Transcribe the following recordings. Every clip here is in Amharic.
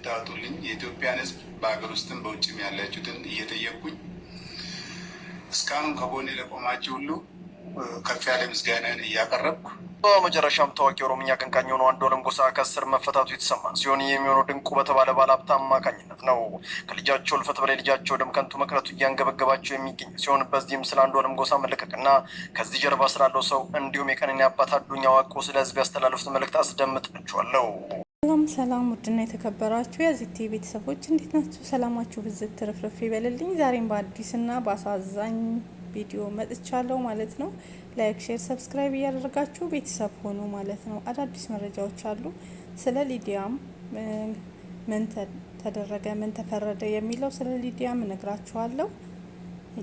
እንድታወጡልኝ የኢትዮጵያን ሕዝብ በሀገር ውስጥም በውጭም ያላችሁትን እየጠየቅኩኝ እስካሁን ከጎኔ ለቆማችሁ ሁሉ ከፍ ያለ ምስጋናን እያቀረብኩ በመጨረሻም ታዋቂ ኦሮምኛ አቀንቃኝ የሆነው አንዱዓለም ጎሳ ከእስር መፈታቱ የተሰማ ሲሆን የሚሆነው ድንቁ በተባለ ሀብት አማካኝነት ነው። ከልጃቸው እልፈት በላይ ልጃቸው ደም ከንቱ መቅረቱ እያንገበገባቸው የሚገኝ ሲሆን በዚህም ስለ አንዱዓለም ጎሳ መለቀቅና ከዚህ ጀርባ ስላለው ሰው እንዲሁም የቀነኒ አባት አዱኛ ዋቆ ስለ ህዝብ ያስተላለፉት መልእክት አስደምጣችኋለሁ። ሰላም ሰላም፣ ውድና የተከበራችሁ የዚህ ቤተሰቦች እንዴት ናችሁ? ሰላማችሁ ብዝት ትርፍርፍ ይበልልኝ። ዛሬም በአዲስና በአሳዛኝ ቪዲዮ መጥቻለሁ ማለት ነው። ላይክ፣ ሼር፣ ሰብስክራይብ እያደረጋችሁ ቤተሰብ ሆኑ ማለት ነው። አዳዲስ መረጃዎች አሉ። ስለ ሊዲያም ምን ተደረገ፣ ምን ተፈረደ የሚለው ስለ ሊዲያም እነግራችኋለሁ።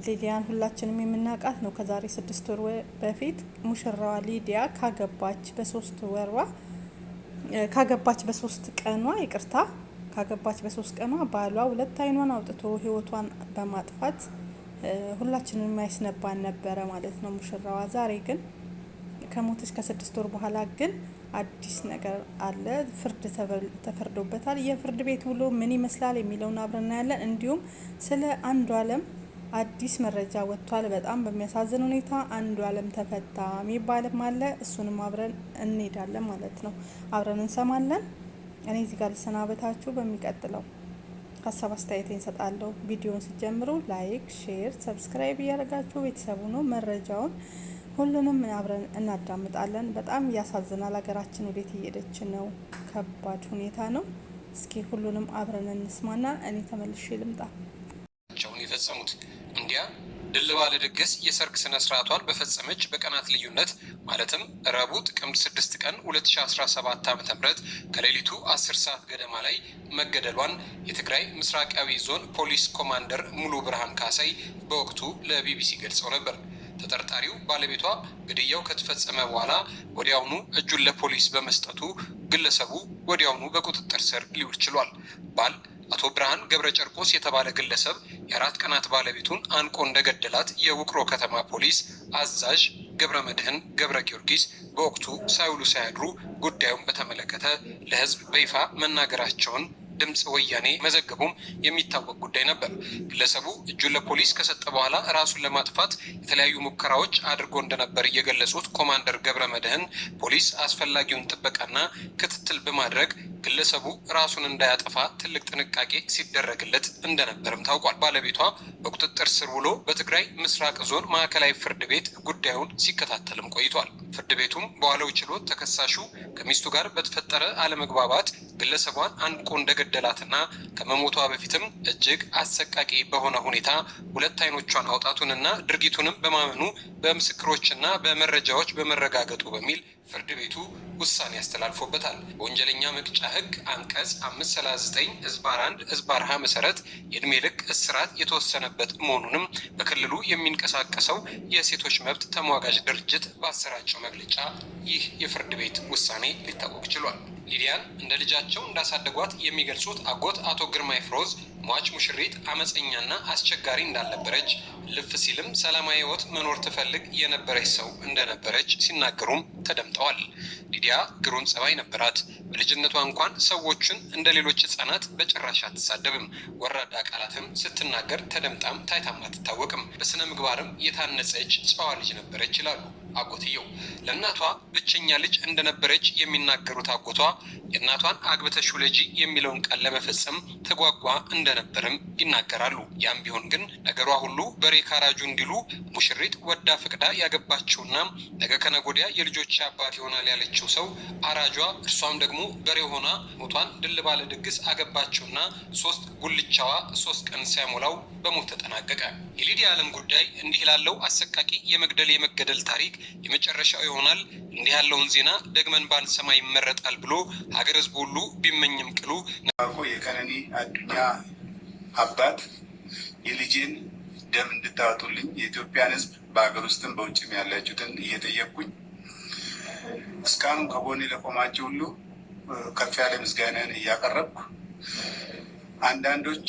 ሊዲያን ሁላችንም የምናውቃት ነው። ከዛሬ ስድስት ወር በፊት ሙሽራዋ ሊዲያ ካገባች በሶስት ወሯ ካገባች በሶስት ቀኗ ይቅርታ ካገባች በሶስት ቀኗ ባሏ ሁለት አይኗን አውጥቶ ህይወቷን በማጥፋት ሁላችንን የሚያስነባን ነበረ ማለት ነው ሙሽራዋ። ዛሬ ግን ከሞተች ከስድስት ወር በኋላ ግን አዲስ ነገር አለ፣ ፍርድ ተፈርዶበታል። የፍርድ ቤት ውሎ ምን ይመስላል የሚለውን አብረና ያለን እንዲሁም ስለ አንዱ አለም። አዲስ መረጃ ወጥቷል። በጣም በሚያሳዝን ሁኔታ አንዱ አለም ተፈታ የሚባልም አለ። እሱንም አብረን እንሄዳለን ማለት ነው፣ አብረን እንሰማለን። እኔ እዚህ ጋር ልሰናበታችሁ። በሚቀጥለው ሀሳብ አስተያየት እንሰጣለሁ። ቪዲዮን ሲጀምሩ ላይክ፣ ሼር፣ ሰብስክራይብ እያደረጋችሁ ቤተሰቡ ነው መረጃውን ሁሉንም አብረን እናዳምጣለን። በጣም ያሳዝናል። ሀገራችን ወዴት እየሄደች ነው? ከባድ ሁኔታ ነው። እስኪ ሁሉንም አብረን እንስማና እኔ ተመልሼ ልምጣ። የፈጸሙት እንዲያ ድል ባለ ድግስ የሰርግ ስነ ስርዓቷን በፈጸመች በቀናት ልዩነት ማለትም ረቡዕ ጥቅምት 6 ቀን 2017 ዓ ም ከሌሊቱ 10 ሰዓት ገደማ ላይ መገደሏን የትግራይ ምስራቃዊ ዞን ፖሊስ ኮማንደር ሙሉ ብርሃን ካሳይ በወቅቱ ለቢቢሲ ገልጸው ነበር። ተጠርጣሪው ባለቤቷ ግድያው ከተፈጸመ በኋላ ወዲያውኑ እጁን ለፖሊስ በመስጠቱ ግለሰቡ ወዲያውኑ በቁጥጥር ስር ሊውል ችሏል። ባል አቶ ብርሃን ገብረ ጨርቆስ የተባለ ግለሰብ የአራት ቀናት ባለቤቱን አንቆ እንደገደላት የውቅሮ ከተማ ፖሊስ አዛዥ ገብረ መድህን ገብረ ጊዮርጊስ በወቅቱ ሳይውሉ ሳያድሩ ጉዳዩን በተመለከተ ለሕዝብ በይፋ መናገራቸውን ድምፅ ወያኔ መዘገቡም የሚታወቅ ጉዳይ ነበር። ግለሰቡ እጁን ለፖሊስ ከሰጠ በኋላ ራሱን ለማጥፋት የተለያዩ ሙከራዎች አድርጎ እንደነበር የገለጹት ኮማንደር ገብረ መድህን ፖሊስ አስፈላጊውን ጥበቃና ክትትል በማድረግ ግለሰቡ ራሱን እንዳያጠፋ ትልቅ ጥንቃቄ ሲደረግለት እንደነበርም ታውቋል። ባለቤቷ በቁጥጥር ስር ውሎ በትግራይ ምስራቅ ዞን ማዕከላዊ ፍርድ ቤት ጉዳዩን ሲከታተልም ቆይቷል። ፍርድ ቤቱም በዋለው ችሎት ተከሳሹ ከሚስቱ ጋር በተፈጠረ አለመግባባት ግለሰቧን አንቆ እንደገደላትና ከመሞቷ በፊትም እጅግ አሰቃቂ በሆነ ሁኔታ ሁለት አይኖቿን አውጣቱንና ድርጊቱንም በማመኑ በምስክሮችና በመረጃዎች በመረጋገጡ በሚል ፍርድ ቤቱ ውሳኔ አስተላልፎበታል። በወንጀለኛ መቅጫ ህግ አንቀጽ አምስት ሰላሳ ዘጠኝ ህዝባር አንድ ህዝባር ሀ መሰረት የእድሜ ልክ እስራት የተወሰነበት መሆኑንም በክልሉ የሚንቀሳቀሰው የሴቶች መብት ተሟጋጅ ድርጅት ባሰራጨው መግለጫ ይህ የፍርድ ቤት ውሳኔ ሊታወቅ ችሏል። ሊዲያን እንደ ልጃቸው እንዳሳደጓት የሚገልጹት አጎት አቶ ግርማይ ፍሮዝ ሟች ሙሽሪት አመፀኛና አስቸጋሪ እንዳልነበረች ልፍ ሲልም ሰላማዊ ህይወት መኖር ትፈልግ የነበረች ሰው እንደነበረች ሲናገሩም ተደምጠዋል። ሊዲያ ግሩም ጸባይ ነበራት። በልጅነቷ እንኳን ሰዎችን እንደ ሌሎች ህጻናት በጭራሽ አትሳደብም። ወራዳ ቃላትም ስትናገር ተደምጣም ታይታም አትታወቅም። በስነ ምግባርም የታነጸች ጨዋ ልጅ ነበረች ይላሉ። አጎትየው ለእናቷ ብቸኛ ልጅ እንደነበረች የሚናገሩት አጎቷ የእናቷን አግብተሽ ውለጂ የሚለውን ቃል ለመፈጸም ተጓጓ እንደነበርም ይናገራሉ። ያም ቢሆን ግን ነገሯ ሁሉ በሬ ካራጁ እንዲሉ ሙሽሪት ወዳ ፍቅዳ ያገባችውና ነገ ከነጎዲያ የልጆች አባት ይሆናል ያለችው ሰው አራጇ እርሷም ደግሞ በሬ ሆና ሞቷን ድል ባለ ድግስ አገባችውና ሶስት ጉልቻዋ ሶስት ቀን ሳይሞላው በሞት ተጠናቀቀ። የሊዲያ ዓለም ጉዳይ እንዲህ ላለው አሰቃቂ የመግደል የመገደል ታሪክ የመጨረሻው ይሆናል። እንዲህ ያለውን ዜና ደግመን ባንሰማ ይመረጣል ብሎ ሀገር ህዝቡ ሁሉ ቢመኝም ቅሉ አኮ የቀነኒ አዱኛ አባት የልጄን ደም እንድታወጡልኝ የኢትዮጵያን ህዝብ በሀገር ውስጥም በውጭም ያላችሁትን እየጠየቅኩኝ እስካሁን ከጎን ለቆማችሁ ሁሉ ከፍ ያለ ምስጋናን እያቀረብኩ አንዳንዶች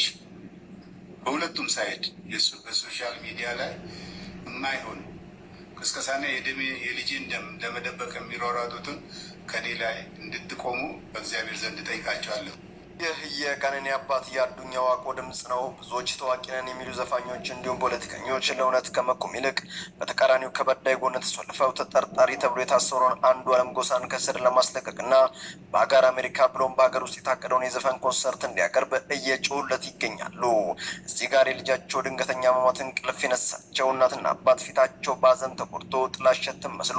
በሁለቱም ሳይድ በሶሻል ሚዲያ ላይ የማይሆን ቅስቀሳና የልጅን ደም ለመደበቅ የሚሯሯጡትን ከኔ ላይ እንድትቆሙ በእግዚአብሔር ዘንድ ጠይቃቸዋለሁ። ይህ የቀነኒ አባት የአዱኛ ዋቆ ድምፅ ነው። ብዙዎች ታዋቂ ነን የሚሉ ዘፋኞች እንዲሁም ፖለቲከኞች ለእውነት ከመቆም ይልቅ በተቃራኒው ከበዳይ ጎን ተሰልፈው ተጠርጣሪ ተብሎ የታሰሩን አለም ጎሳን ከስር ለማስለቀቅና በሀገር አሜሪካ ብሎም በሀገር ውስጥ የታቀደውን የዘፈን ኮንሰርት እንዲያቀርብ እየጮሁለት ይገኛሉ። እዚህ ጋር የልጃቸው ድንገተኛ መሞት እንቅልፍ የነሳቸው እናትና አባት ፊታቸው በአዘን ተቆርቶ ጥላሸትም መስሎ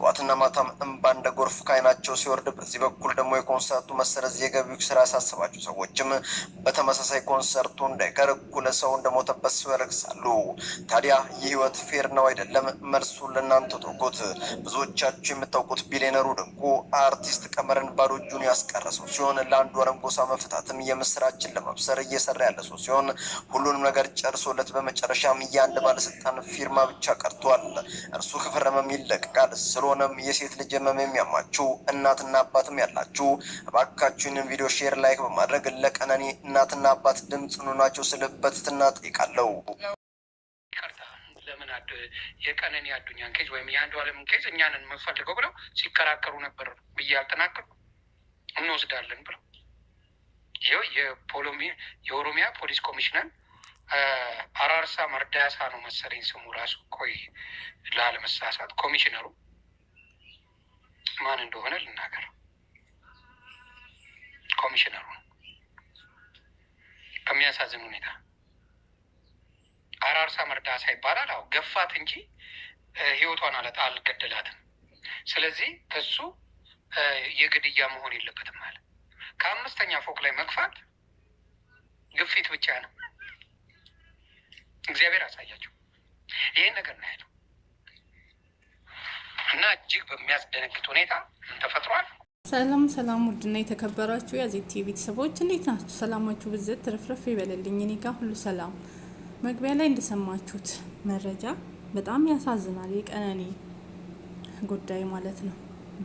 ጠዋትና ማታም እንባ እንደ ጎርፍ ካይናቸው ሲወርድ፣ በዚህ በኩል ደግሞ የኮንሰርቱ መሰረዝ የገቢው ስራ ያሳሰ ያሰባቸው ሰዎችም በተመሳሳይ ኮንሰርቱ እንዳይቀር እኩለ ሰው እንደሞተበት ሰው ያለቅሳሉ። ታዲያ የህይወት ፌር ነው አይደለም? መልሱ ለእናንተ ተውኩት። ብዙዎቻችሁ የምታውቁት ቢሊየነሩ ድንቁ አርቲስት ቀመርን ባዶ እጁን ያስቀረሰው ሲሆን ለአንዱ አረንጎሳ መፍታትም የምስራችን ለመብሰር እየሰራ ያለ ሰው ሲሆን ሁሉንም ነገር ጨርሶለት በመጨረሻም የአንድ ባለስልጣን ፊርማ ብቻ ቀርቷል። እርሱ ከፈረመም ይለቀቃል። ስለሆነም የሴት ልጅ ህመም የሚያማችሁ እናትና አባትም ያላችሁ እባካችሁንም ቪዲዮ ሼር ላይክ በማድረግ ለቀነኒ እናትና አባት ድምፅ ኑናቸው ስል በትህትና ጠይቃለው። የቀነኒ አዱኛን ኬዝ ወይም የአንዱ አለም ኬዝ እኛንን የምንፈልገው ብለው ሲከራከሩ ነበር ብዬ አልተናገርኩ። እንወስዳለን ብለው ይኸው የኦሮሚያ ፖሊስ ኮሚሽነር አራርሳ መርዳሳ ነው መሰለኝ ስሙ ራሱ። ቆይ ላለመሳሳት ኮሚሽነሩ ማን እንደሆነ ልናገር። ኮሚሽነሩ በሚያሳዝን ሁኔታ አራርሳ መርዳሳ ይባላል። አዎ ገፋት እንጂ ህይወቷን አለት አልገደላትም። ስለዚህ እሱ የግድያ መሆን የለበትም አለ። ከአምስተኛ ፎቅ ላይ መግፋት ግፊት ብቻ ነው። እግዚአብሔር አሳያቸው። ይህን ነገር ነው ያለው እና እጅግ በሚያስደነግጥ ሁኔታ ተፈጥሯል። ሰላም ሰላም ውድና የተከበራችሁ የአዜት ቲቪ ቤተሰቦች እንዴት ናችሁ? ሰላማችሁ ብዝት ትርፍርፍ ይበለልኝ። እኔ ጋር ሁሉ ሰላም። መግቢያ ላይ እንደሰማችሁት መረጃ በጣም ያሳዝናል። የቀነኒ ጉዳይ ማለት ነው።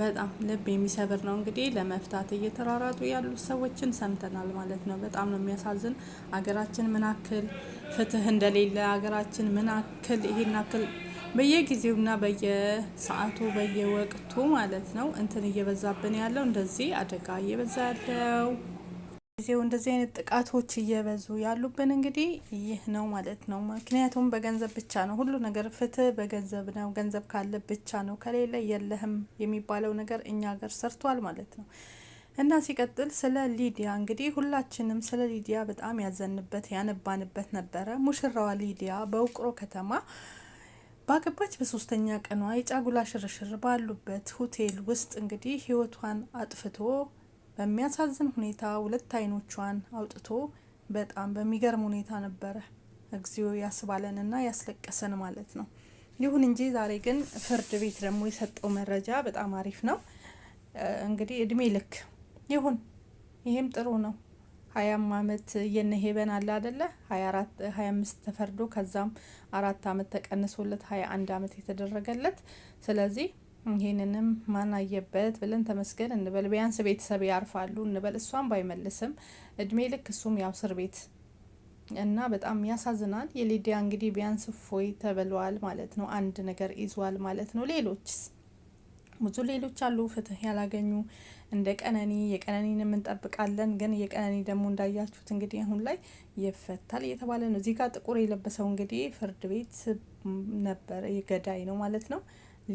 በጣም ልብ የሚሰብር ነው። እንግዲህ ለመፍታት እየተራራጡ ያሉት ሰዎችን ሰምተናል ማለት ነው። በጣም ነው የሚያሳዝን። አገራችን ምን አክል ፍትህ እንደሌለ አገራችን ምን አክል ይሄን አክል በየጊዜውና በየሰዓቱ በየወቅቱ ማለት ነው እንትን እየበዛብን ያለው እንደዚህ አደጋ እየበዛ ያለው ጊዜው እንደዚህ አይነት ጥቃቶች እየበዙ ያሉብን እንግዲህ ይህ ነው ማለት ነው። ምክንያቱም በገንዘብ ብቻ ነው ሁሉ ነገር፣ ፍትህ በገንዘብ ነው። ገንዘብ ካለ ብቻ ነው፣ ከሌለ የለህም የሚባለው ነገር እኛ ሀገር ሰርቷል ማለት ነው። እና ሲቀጥል ስለ ሊዲያ እንግዲህ ሁላችንም ስለ ሊዲያ በጣም ያዘንበት ያነባንበት ነበረ። ሙሽራዋ ሊዲያ በውቅሮ ከተማ ባገባች በሶስተኛ ቀኗ የጫጉላ ሽርሽር ባሉበት ሆቴል ውስጥ እንግዲህ ህይወቷን አጥፍቶ በሚያሳዝን ሁኔታ ሁለት አይኖቿን አውጥቶ በጣም በሚገርም ሁኔታ ነበረ። እግዚኦ ያስባለንና ያስለቀሰን ማለት ነው። ይሁን እንጂ ዛሬ ግን ፍርድ ቤት ደግሞ የሰጠው መረጃ በጣም አሪፍ ነው። እንግዲህ እድሜ ልክ ይሁን፣ ይሄም ጥሩ ነው። ሀያም አመት የነ ሄቨን አለ አደለ ሀያ አራት ሀያ አምስት ተፈርዶ ከዛም አራት አመት ተቀንሶለት ሀያ አንድ አመት የተደረገለት ስለዚህ ይህንንም ማናየበት ብለን ተመስገን እንበል። ቢያንስ ቤተሰብ ያርፋሉ እንበል። እሷም ባይመልስም እድሜ ልክ እሱም ያው እስር ቤት እና በጣም ያሳዝናል። የሊዲያ እንግዲህ ቢያንስ ፎይ ተብሏል ማለት ነው። አንድ ነገር ይዟል ማለት ነው። ሌሎችስ ብዙ ሌሎች አሉ ፍትህ ያላገኙ እንደ ቀነኒ የቀነኒን እንጠብቃለን። ግን የቀነኒ ደግሞ እንዳያችሁት እንግዲህ አሁን ላይ ይፈታል እየተባለ ነው። እዚህ ጋር ጥቁር የለበሰው እንግዲህ ፍርድ ቤት ነበር ገዳይ ነው ማለት ነው።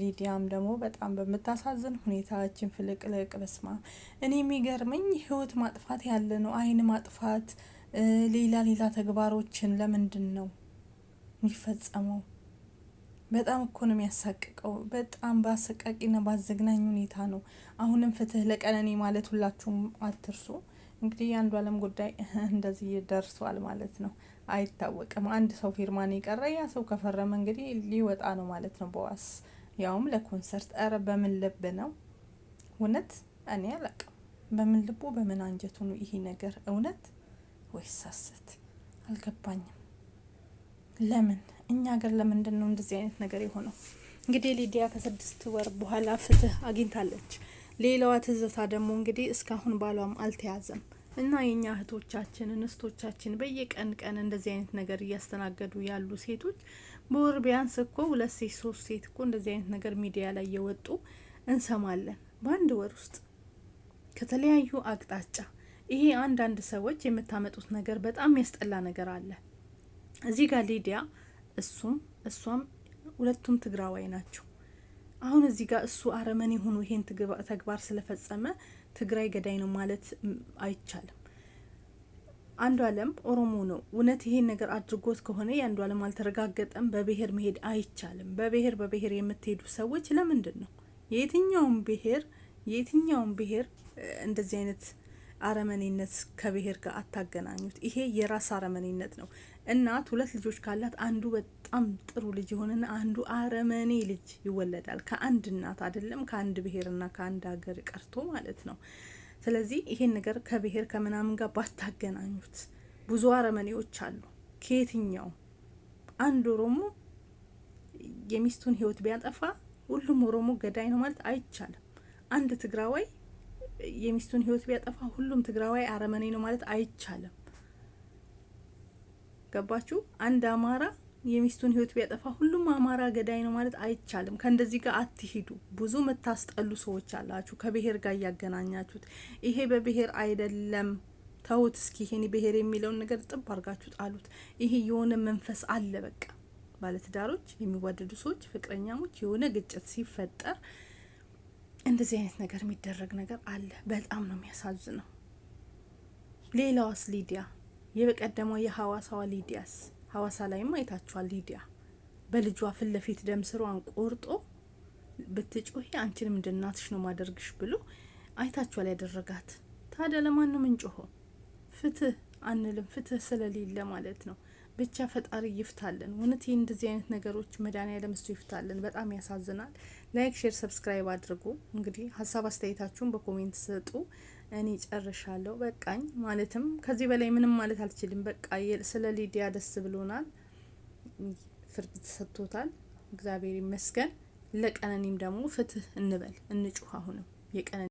ሊዲያም ደግሞ በጣም በምታሳዝን ሁኔታችን ፍልቅልቅ በስማ እኔ የሚገርመኝ ህይወት ማጥፋት ያለ ነው አይን ማጥፋት ሌላ ሌላ ተግባሮችን ለምንድን ነው የሚፈጸመው? በጣም እኮ ነው የሚያሳቅቀው። በጣም በአሰቃቂና በአዘግናኝ ሁኔታ ነው። አሁንም ፍትህ ለቀነኔ ማለት ሁላችሁም አትርሱ። እንግዲህ የአንዱ አለም ጉዳይ እንደዚህ ደርሷል ማለት ነው። አይታወቅም። አንድ ሰው ፊርማን የቀረ ያ ሰው ከፈረመ እንግዲህ ሊወጣ ነው ማለት ነው በዋስ ያውም ለኮንሰርት። ኧረ በምን ልብ ነው እውነት? እኔ አላቅም። በምን ልቡ በምን አንጀቱ ነው ይሄ ነገር እውነት ወይስ ሐሰት? አልገባኝም። ለምን እኛ ሀገር ለምንድን ነው እንደዚህ አይነት ነገር የሆነው? እንግዲህ ሊዲያ ከስድስት ወር በኋላ ፍትህ አግኝታለች። ሌላዋ ትዝታ ደግሞ እንግዲህ እስካሁን ባሏም አልተያዘም እና የኛ እህቶቻችን እንስቶቻችን በየቀን ቀን እንደዚህ አይነት ነገር እያስተናገዱ ያሉ ሴቶች በወር ቢያንስ እኮ ሁለት ሴት ሶስት ሴት እኮ እንደዚህ አይነት ነገር ሚዲያ ላይ የወጡ እንሰማለን። በአንድ ወር ውስጥ ከተለያዩ አቅጣጫ ይሄ አንዳንድ ሰዎች የምታመጡት ነገር በጣም ያስጠላ ነገር አለ። እዚህ ጋር ሊዲያ እሱም እሷም ሁለቱም ትግራዋይ ናቸው። አሁን እዚህ ጋር እሱ አረመኔ ሆኖ ይሄን ተግባር ስለፈጸመ ትግራይ ገዳይ ነው ማለት አይቻልም። አንዱ አለም ኦሮሞ ነው። እውነት ይሄን ነገር አድርጎት ከሆነ የአንዱ አለም አልተረጋገጠም። በብሄር መሄድ አይቻልም። በብሄር በብሄር የምትሄዱ ሰዎች ለምንድን ነው የትኛውም ብሄር የትኛውም ብሄር እንደዚህ አይነት አረመኔነት ከብሄር ጋር አታገናኙት። ይሄ የራስ አረመኔነት ነው። እናት ሁለት ልጆች ካላት አንዱ በጣም ጥሩ ልጅ የሆነና አንዱ አረመኔ ልጅ ይወለዳል። ከአንድ እናት አይደለም ከአንድ ብሔርና ከአንድ ሀገር ቀርቶ ማለት ነው። ስለዚህ ይሄን ነገር ከብሔር ከምናምን ጋር ባታገናኙት። ብዙ አረመኔዎች አሉ። ከየትኛው አንድ ኦሮሞ የሚስቱን ህይወት ቢያጠፋ ሁሉም ኦሮሞ ገዳይ ነው ማለት አይቻልም። አንድ ትግራዋይ የሚስቱን ህይወት ቢያጠፋ ሁሉም ትግራዋይ አረመኔ ነው ማለት አይቻልም። ገባችሁ? አንድ አማራ የሚስቱን ህይወት ቢያጠፋ ሁሉም አማራ ገዳይ ነው ማለት አይቻልም። ከእንደዚህ ጋር አትሂዱ። ብዙ የምታስጠሉ ሰዎች አላችሁ፣ ከብሔር ጋር እያገናኛችሁት። ይሄ በብሔር አይደለም። ተውት እስኪ ይሄን ብሄር የሚለውን ነገር ጥብ አድርጋችሁ ጣሉት። ይሄ የሆነ መንፈስ አለ። በቃ ባለትዳሮች፣ የሚዋደዱ ሰዎች፣ ፍቅረኛሞች የሆነ ግጭት ሲፈጠር እንደዚህ አይነት ነገር የሚደረግ ነገር አለ። በጣም ነው የሚያሳዝነው። ሌላዋስ ሊዲያ የበቀደመው የሀዋሳዋ ሊዲያስ ሐዋሳ ላይም አይታችኋል። ሊዲያ በልጇ ፊት ለፊት ደም ስሯን ቆርጦ ብትጮሂ አንቺንም እንደ እናትሽ ነው ማደርግሽ ብሎ አይታችኋል ያደረጋት። ታዲያ ለማን ነው ምንጮኸው? ፍትህ አንልም ፍትህ ስለሌለ ማለት ነው። ብቻ ፈጣሪ ይፍታልን። እውነት እንደዚህ አይነት ነገሮች መድኃኒዓለም እሱ ይፍታልን። በጣም ያሳዝናል። ላይክ፣ ሼር፣ ሰብስክራይብ አድርጉ። እንግዲህ ሀሳብ አስተያየታችሁን በኮሜንት ስጡ። እኔ ጨርሻለሁ፣ በቃኝ። ማለትም ከዚህ በላይ ምንም ማለት አልችልም። በቃ ስለ ሊዲያ ደስ ብሎናል። ፍርድ ተሰጥቶታል። እግዚአብሔር ይመስገን። ለቀነኒም ደግሞ ፍትህ እንበል፣ እንጩህ። አሁንም የቀነኒ